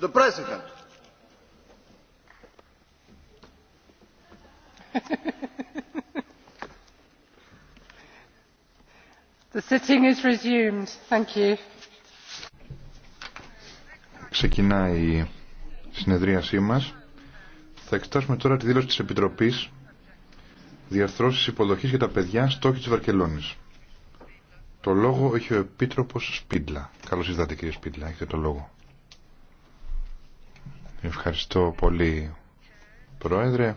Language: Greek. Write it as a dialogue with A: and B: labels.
A: Ξεκινάει η συνεδρίασή μας. Θα εξετάσουμε τώρα τη δήλωση της Επιτροπής Διαρθρώσεις υποδοχή για τα Παιδιά Στόχη της Βαρκελόνης. Το λόγο έχει ο Επίτροπος Σπίτλα. Καλώς ήρθατε κύριε Σπίτλα, έχετε το λόγο. Ευχαριστώ πολύ, Πρόεδρε.